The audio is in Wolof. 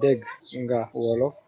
dégg nga wolof